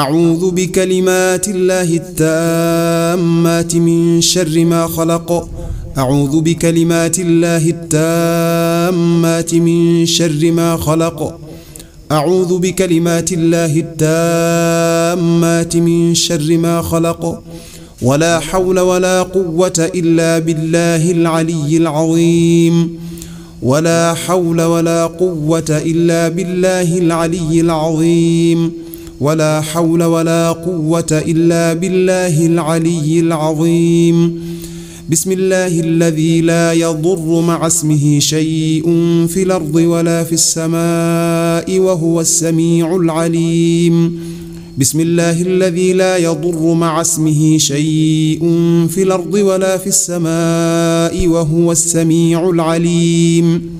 أعوذ بكلمات الله التامات من شر ما خلق أعوذ بكلمات الله التامات من شر ما خلق أعوذ بكلمات الله التامات من شر ما خلق ولا حول ولا قوة إلا بالله العلي العظيم ولا حول ولا قوة إلا بالله العلي العظيم ولا حول ولا قوة إلا بالله العلي العظيم بسم الله الذي لا يضر مع اسمه شيء في الأرض ولا في السماء وهو السميع العليم بسم الله الذي لا يضر مع اسمه شيء في الأرض ولا في السماء وهو السميع العليم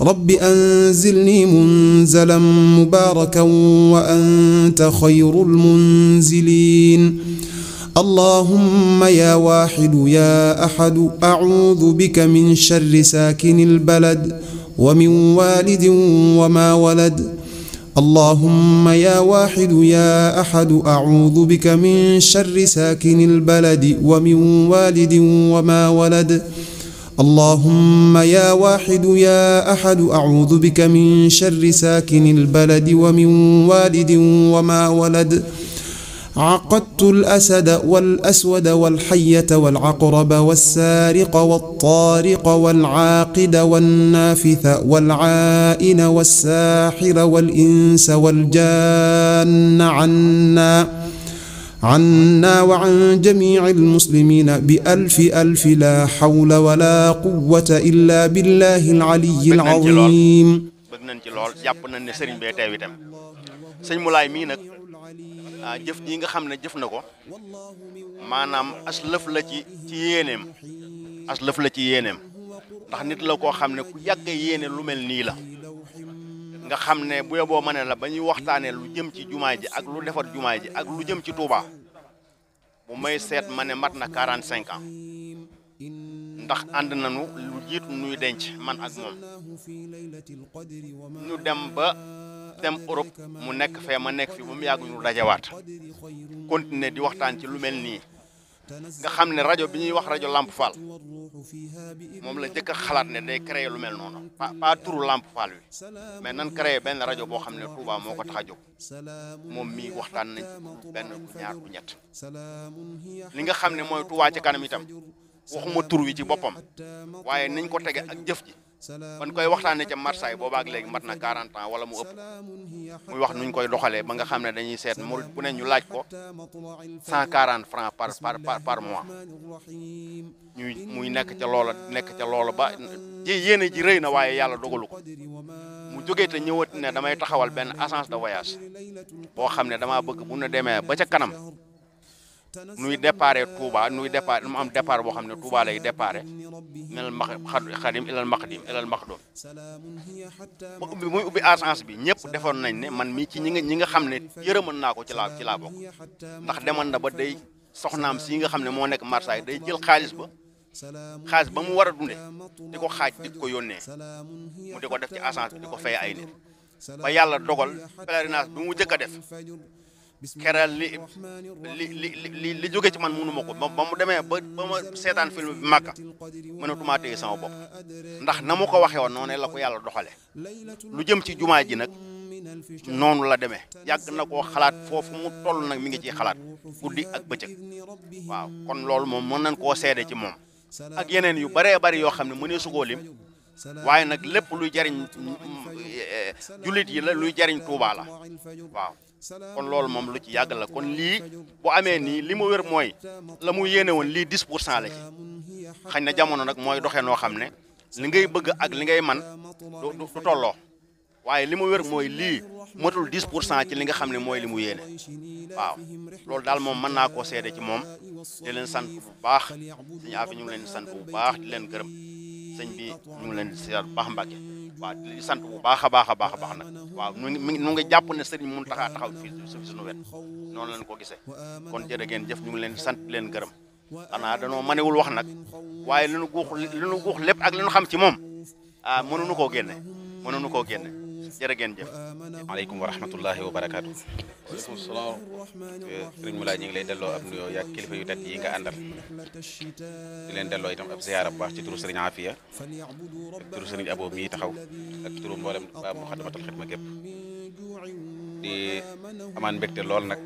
rabbi anzilni munzalan mubaarakan wa anta xayrul munziliin allahumma yaa waaxidu yaa axadu acuudu bika min sharri saakini albalad wa min waalidin wa maa walad اللهم يا واحد يا أحد أعوذ بك من شر ساكن البلد ومن والد وما ولد اللهم يا واحد يا أحد أعوذ بك من شر ساكن البلد ومن والد وما ولد عقدت الأسد والأسود والحية والعقرب والسارق والطارق والعاقد والنافث والعائن والساحر والإنس والجان عنا عنا وعن جميع المسلمين بألف ألف لا حول ولا قوة إلا بالله العلي العظيم bëgg nañ ci lool jàpp nañ ne sëriñ bee teew itam sëñ Moulay mii nag ah, jëf ji nga xam ne jëf na ko maanaam as lëf la ci ci yéeneem as lëf la ci yéeneem ndax nit la koo xam ne ku yàgg yéene lu mel nii la nga xam ne bu yeboo ma ne la ba ñuy waxtaanee lu jëm ci jumaa ji ak lu defar jumaa ji ak lu jëm ci Touba bu may seet ma ne mat na quarante cinq ans ndax ànd nañu lu jiitu nuy denc man ak moom ñu dem ba dem Europe mu nekk fee ma nekk fi ba mu yàgg ñu dajawaat continuer di waxtaan ci lu mel nii nga xam ne rajo bi ñuy wax rajo Lamp Fall moom la njëkk xalaat ne day créer lu mel noonu pas pas turu Lamp Fall wi mais nan créer benn rajo boo xam ne Touba moo ko tax a jóg moom mi waxtaan nañ benn du ñaar du ñett li nga xam ne mooy Touba ci kanam itam. waxuma tur wi ci boppam waaye niñ ko tege ak jëf ji ban koy waxtaanee ca Marseille boobaak léegi mat na 40 ans wala mu ëpp muy wax nuñ koy doxalee ba nga xam ne dañuy seet murid bu ne ñu laaj ko quarante francs par par par par mois ñuy muy nekk ca loola nekk ca loola ba ji yéene ji rëy na waaye yàlla dogalu ko mu jógee te ñëwat ne damay taxawal benn agence de voyage boo xam ne damaa bëgg bu na demee ba ca kanam. nuy déparé Touba nuy départ mu am départ boo xam ne Touba lay déparé minal ma xadim ilal maxdim ilal maxdum ba ubbi muy ubbi agence bi ñëpp defoon nañ ne man mii ci ñi nga ñi nga xam ne yërëman naa ko ci laa ci laa bokk ndax demoon na ba day soxnaam si nga xam ne moo nekk Marseille day jël xaalis ba xaalis ba mu war a dunde di ko xaaj di ko yónnee mu di ko def ci agence bi di ko fay ay nit ba yàlla dogal pèlerinage bi mu jëkk a def xeral li li li li jóge ci man munu ma ko ba mu demee ba ba ma seetaan film bi màkka mënatumaa téye sama bopp ndax na mu ko waxee woon noonu la ko yàlla doxale lu jëm ci jumaa ji nag noonu la demee yàgg na koo xalaat foofu mu toll nag mi ngi ciy xalaat guddi ak bëccëg waaw kon loolu moom mën nañ koo seede ci moom ak yeneen yu baree bari yoo xam ne mënee sugoo lim waaye nag lépp luy jariñ mm, eh, jullit yi la luy jariñ Tuubaa la kon loolu moom lu ci yàgg la kon lii bu amee nii li ma wér mooy la mu yéene woon lii 10 pour cent la ci xañ na jamono nag mooy doxee noo xam ne li ngay bëgg ak li ngay man du du tolloo waaye li ma wér mooy lii matul 10 pour cent ci li nga xam ne mooy li mu yéene waaw loolu daal moom mën na koo seede ci moom di leen sant bu baax sëñ Afi ñu ngi leen di sant bu baax di leen gërëm sëñ bi ñu leen di seet bu baax Mbàkke waaw di sant bu baax a baax a baax a baax nag waaw nu ngi nu ngi jàpp ne Serigne Mountakha taxaw fii si suñu wet noonu lañ ko gisee kon jërë ngeen jëf ñu ngi leen sant leen gërëm xanaa danoo manewul wax nag waaye li nu guux li nu guux lépp ak li nu xam ci moom ah mënuñu koo génne mënuñu koo génne. jërë ngeen jëf. maaleykum wa rahmatullahi wa barakaatu. waaleykum salaam. Eh, sëriñ Moulay ñu ngi lay delloo ab nuyoo yaag kilifa yu tedd yi nga àndal di leen delloo itam ab ziyaara bu baax ci turu sëriñ Afia ak turu sëriñ Abo mii taxaw ak turu mboolem ba Muxaddamatul Xidma gépp di amaan mbégte lool nag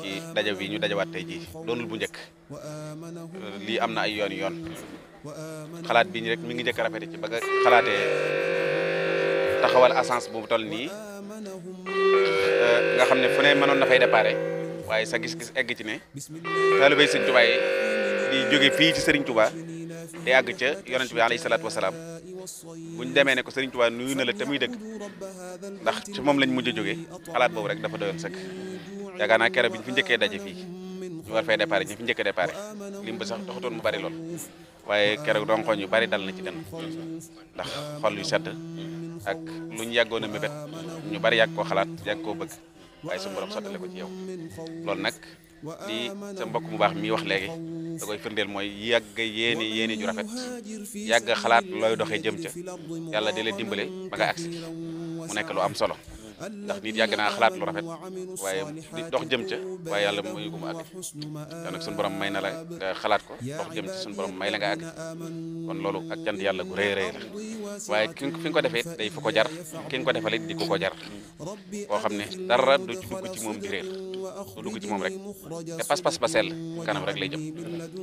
ci daja bi ñu dajawaat tey jii doonul bu njëkk eh, lii am na ay yoon yoon xalaat bi ñu rek mi ngi njëkk rafet ci ba nga taxawal assance bu toll nii eh, nga xam ne fu ne mënoon na fay déparé waaye sa gis-gis egg ci ne taalibey sëñ Tuubaa yi di jóge fii ci Serigne Touba di àgg ca yonent bi alayhi salaatu wasalaam bu ñu demee ne ko Serigne Touba nuyu na la te muy dëgg ndax ci moom lañ mujj a jóge xalaat boobu rek dafa doyoon sëkk yaakaar naa keroog bi ñu fi njëkkee daje fii ñu war fay déparé ñu fi njëkk a déparé lim ba sax doxatoon mu bari lool waaye keroog donkoñ yu bari dal na ci den ndax xol yu sedd ak lu ñu yàggoon a mébét ñu bari yàgg koo xalaat yàgg koo bëgg waaye suñu borom sottale ko ci yow loolu nag lii sa mbokk mu baax mi wax léegi da koy firndeel mooy yàgg yéene yéene ju rafet yàgg xalaat looy doxee jëm ca yàlla di la dimbale ba nga agsi mu nekk lu am solo ndax nit yàgg naa xalaat lu rafet waaye di dox jëm ca waaye yàlla mu may na la xalaat ko dox jëm ci suñu borom may la nga àgg kon loolu ak jant yàlla gu rëy rëy la waaye ki fi nga ko defee day fa ko jar ki nga ko defalit di ko ko jar koo xam ne dara du ci dugg ci moom di réer du dugg ci moom rek te pas-pas ba sell kanam rek lay jëm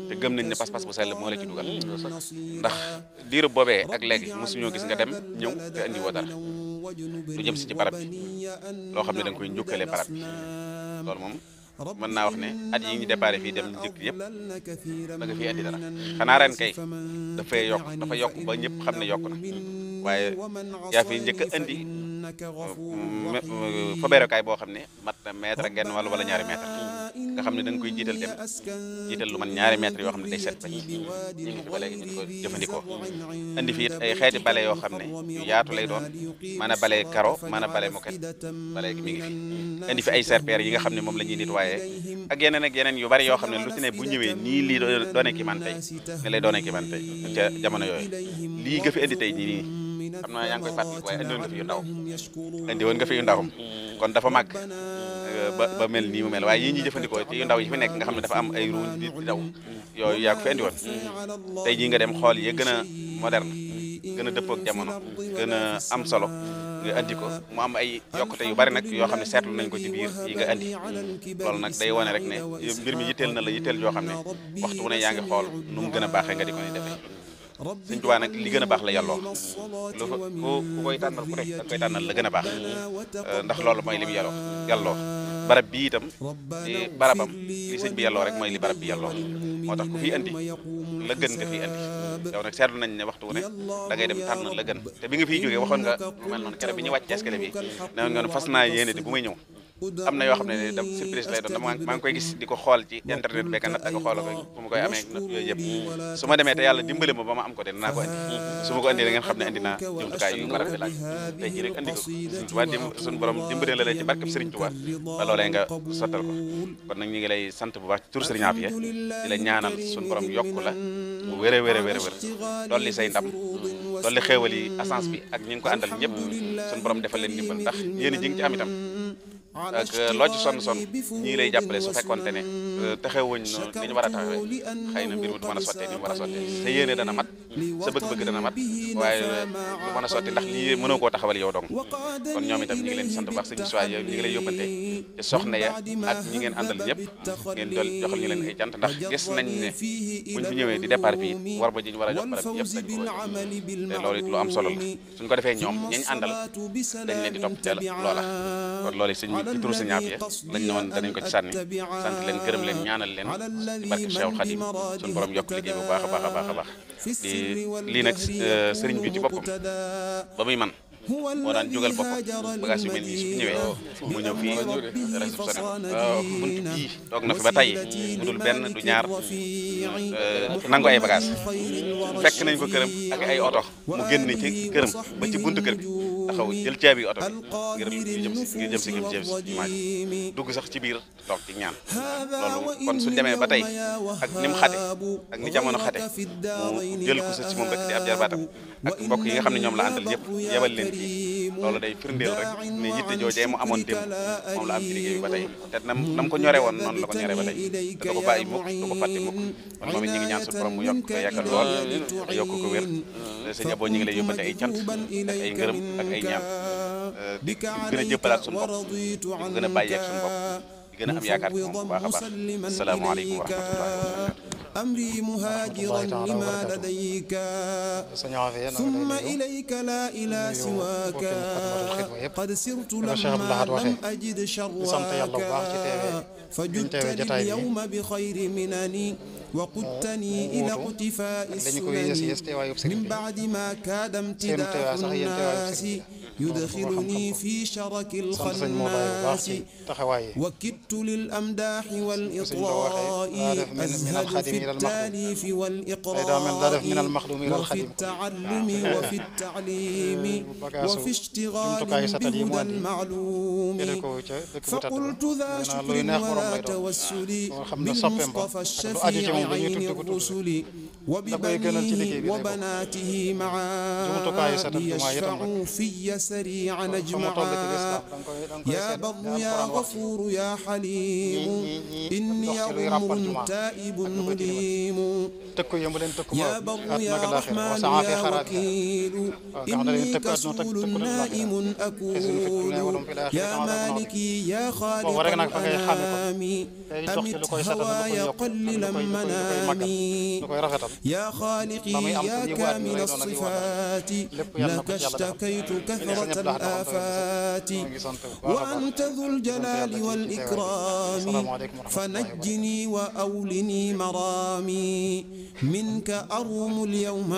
te gëm nañ ne pas-pas bu sell moo la ci dugal ndax diiru boobee ak léegi mosuñoo gis nga dem ñëw te andi lu jëm si ci barab bi loo xam ne da nga koy njukkalee barab bi loolu moom mën naa wax ne at yi ñu déparé fii dem njëkk yëpp da nga fiy andi dara xanaa ren kay dafay yokk dafa yokk ba ñëpp xam ne yokk na waaye yaa fi njëkk andi indi fa boo xam ne mat na mètre ak genn wàll wala ñaari mètre nga xam ne dañ koy jiital dem jiital lu man ñaari mètre yoo xam ne day set ba ñu fi bale yoo xam ne yu yaatu lay doon mën a bale karo mën bale moket bale mi fi indi fi ay serpillères yi nga xam ne moom la ñuy nettoyé ak yeneen ak yeneen yu bari yoo xam ne lu ci ne bu ñëwee nii lii doone ki man tey nga lay doone ki man tey ca yooyu lii nga fi indi tey nii xam naa yaa ngi koy fàttali waaye indi woon nga fi ndaw indi woon nga fi ndaw ba ba mel nii mu mel waaye yii ñuy jëfandikoo ci ndaw yi fi nekk nga xam ne dafa am ay ruuj di daw yooyu yaa ko fi andi woon tey jii nga dem xool yi gën a moderne gën a dëppook jamono gën a am solo nga andi ko mu am ay yokkute yu bari nag yoo xam ne seetlu nañ ko ci biir yi nga andi loolu nag day wane rek ne mbir mi yitteel na la yitteel yoo xam ne waxtu wu ne yaa ngi xool nu mu gën a baaxee nga di ko ni defee Sëñ Tuubaa li gën a baax la yàlla wax lu fa ku koy tànnal ku nekk da koy la gën a baax ndax loolu mooy li mu yàlla wax yàlla wax barab bi itam di barabam li sëñ bi yàlloo rek mooy li barab bi yàlloo moo tax ku fi andi la gën nga fi andi yow nag seetlu nañ ne waxtu wu ne da ngay dem tànn la gën te bi nga fiy jógee waxoon nga lu bi ñu wàcc escalier bi ne woon nga fas naa yéene di bu may ñëw am na yoo xam ne ni dam surprise lay doon dama maa ngi koy gis di ko xool ci internet beeg nag ak xool ko bu ma koy amee dimbale ma ba ma am ko de dinaa ko andi su ma andi da ngeen xam ne andi dimbale la ci barkeb Sëriñ Tuubaa ba loolee nga sottal ko kon nag ñu lay sant bu tur Sëriñ Afia di la ñaanal suñu borom yokku defal leen dimbal ndax yéen ji ci am ak euh, loo ci sonn jàppale su fekkonte ne euh, taxawuñ li ñu war a taxawee na mbir mi du mën a sottee ni mu war sa yéene dana mat sa bëgg-bëgg dana mat waaye euh, du mën a sotti ndax lii mënoo koo taxawal yow dong kon ñoom itam ngi leen sant baax sëñ ñu ngi ñu fi ñëwee di départ bi war ba ji ñu war a jox barab am solo la suñ ko defee ñoom ñañ àndal dañ leen di topp teel loola kon loolu sëñ ci turu sëñ Afia lañ ne woon danañ ko ci sànni sant leen gërëm leen ñaanal leen ci barke Cheikh Khadim suñu borom yokk liggéey bu baax a baax a baax a baax di lii nag euh, sëriñ bi ci boppam ba muy man moo daan jógal boppam bagage yu mel nii su ñëwee mu ñëw fii bunt bii toog na fi ba tey mu benn du ñaar euh, nangu ay bagage fekk nañ ko këram ak ay oto mu génn ci këram ba ci buntu kër bi taxaw jël caabi oto bi ngir jëm si ngir jëm si ngir jëm si jumaa ji dugg sax ci biir toog di ñaan loolu kon su demee ba tey ak ni mu xate ak ni jamono xate mu jël ko sa ci moom rek di ab jarbaatam ak mbokk yi nga xam ne ñoom la àndal yëpp leen fii loolu day firndeel rek ne yitte joojee mu amoon démb moom la am ci liggéey nam nam ko ñore woon noonu la ko ñore ba tey da ko bàyyi mukk du ko fàtte mukk kon moom it ñu ngi ñaan suñu borom mu yokk ko yàggal lool yokk ko wér ñu ngi lay yóbbante ay cant ak ay ngërëm ak ay ñaan di gën a jëppalaat suñu bopp di gën a bàyyeek suñu bopp di gën a am yaakaar ci moom bu baax a baax asalaamaaleykum wa أمري مهاجرا لما لديك ثم إليك لا إلى سواك قد سرت لما لم أجد شرواك فجدت اليوم بخير منني وقدتني إلى اقتفاء السنن من بعد ما كاد امتداد الناس يدخلني في شرك الخناس وكدت للأمداح والإطراء أزهد في التاليف والإقراء وفي التعلم وفي التعليم وفي اشتغال بهدى المعلوم فقلت ذا شكر ولا توسل بالمصطفى الشفيع عين الرسل وببنيه وبناته معا ليشفعوا في السريع نجمعا يا بر يا غفور يا حليم إني غمر تائب مليم يا بر يا رحمن يا وكيل إني كسول نائم أكون يا مالكي يا خالق الأنام أمت هواي قلل منامي يا خالقي يا كامل الصفات لك اشتكيت كثرة مرة الآفات وأنت ذو الجلال والإكرام فنجني وأولني مرامي منك أروم اليوم